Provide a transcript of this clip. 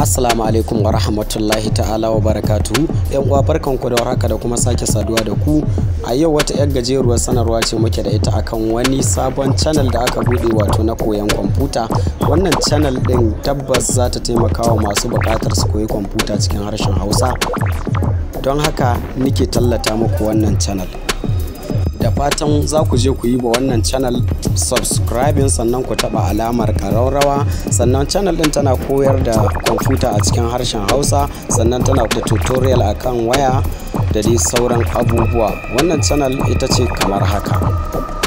Assalamu alaikum wa rahmatullahi ta'ala wa barakatu yan uwa barkan ku da warhaka da kuma sake saduwa da ku a yau wata yar gajeruwar sanarwa ce muke da ita akan wani sabon channel da aka bude wato na koyan kwamfuta wannan channel din tabbas za ta taimaka wa masu buƙatar su koyi kwamfuta cikin harshen Hausa don haka nike tallata muku wannan channel da fatan za ku je ku yi wa wannan channel subscribing sannan ku taba alamar ƙararrawa sannan channel din tana koyar da kwamfuta a cikin harshen hausa sannan tana da tutorial akan waya da dai sauran abubuwa wannan channel ita ce kamar haka